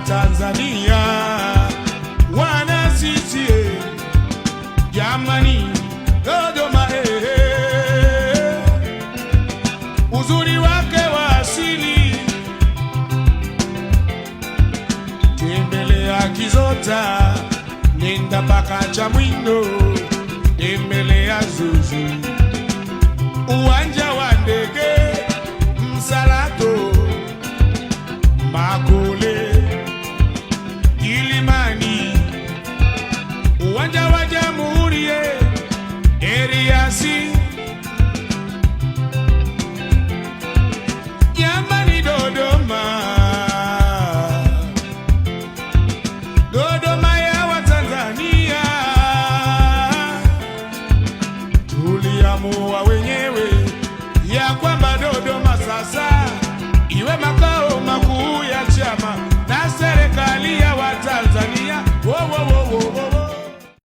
tanzania wana sisi jamani, Dodoma eh, uzuri wake wa asili, tembelea Kizota, nenda mpaka Chamwindo, tembelea Zuzu, uwanja wa ndege Msalato Makole Milimani, uwanja wa Jamhuri, eriasi Jamani, Dodoma, Dodoma ya Watanzania, tuliamua wenyewe ya kwa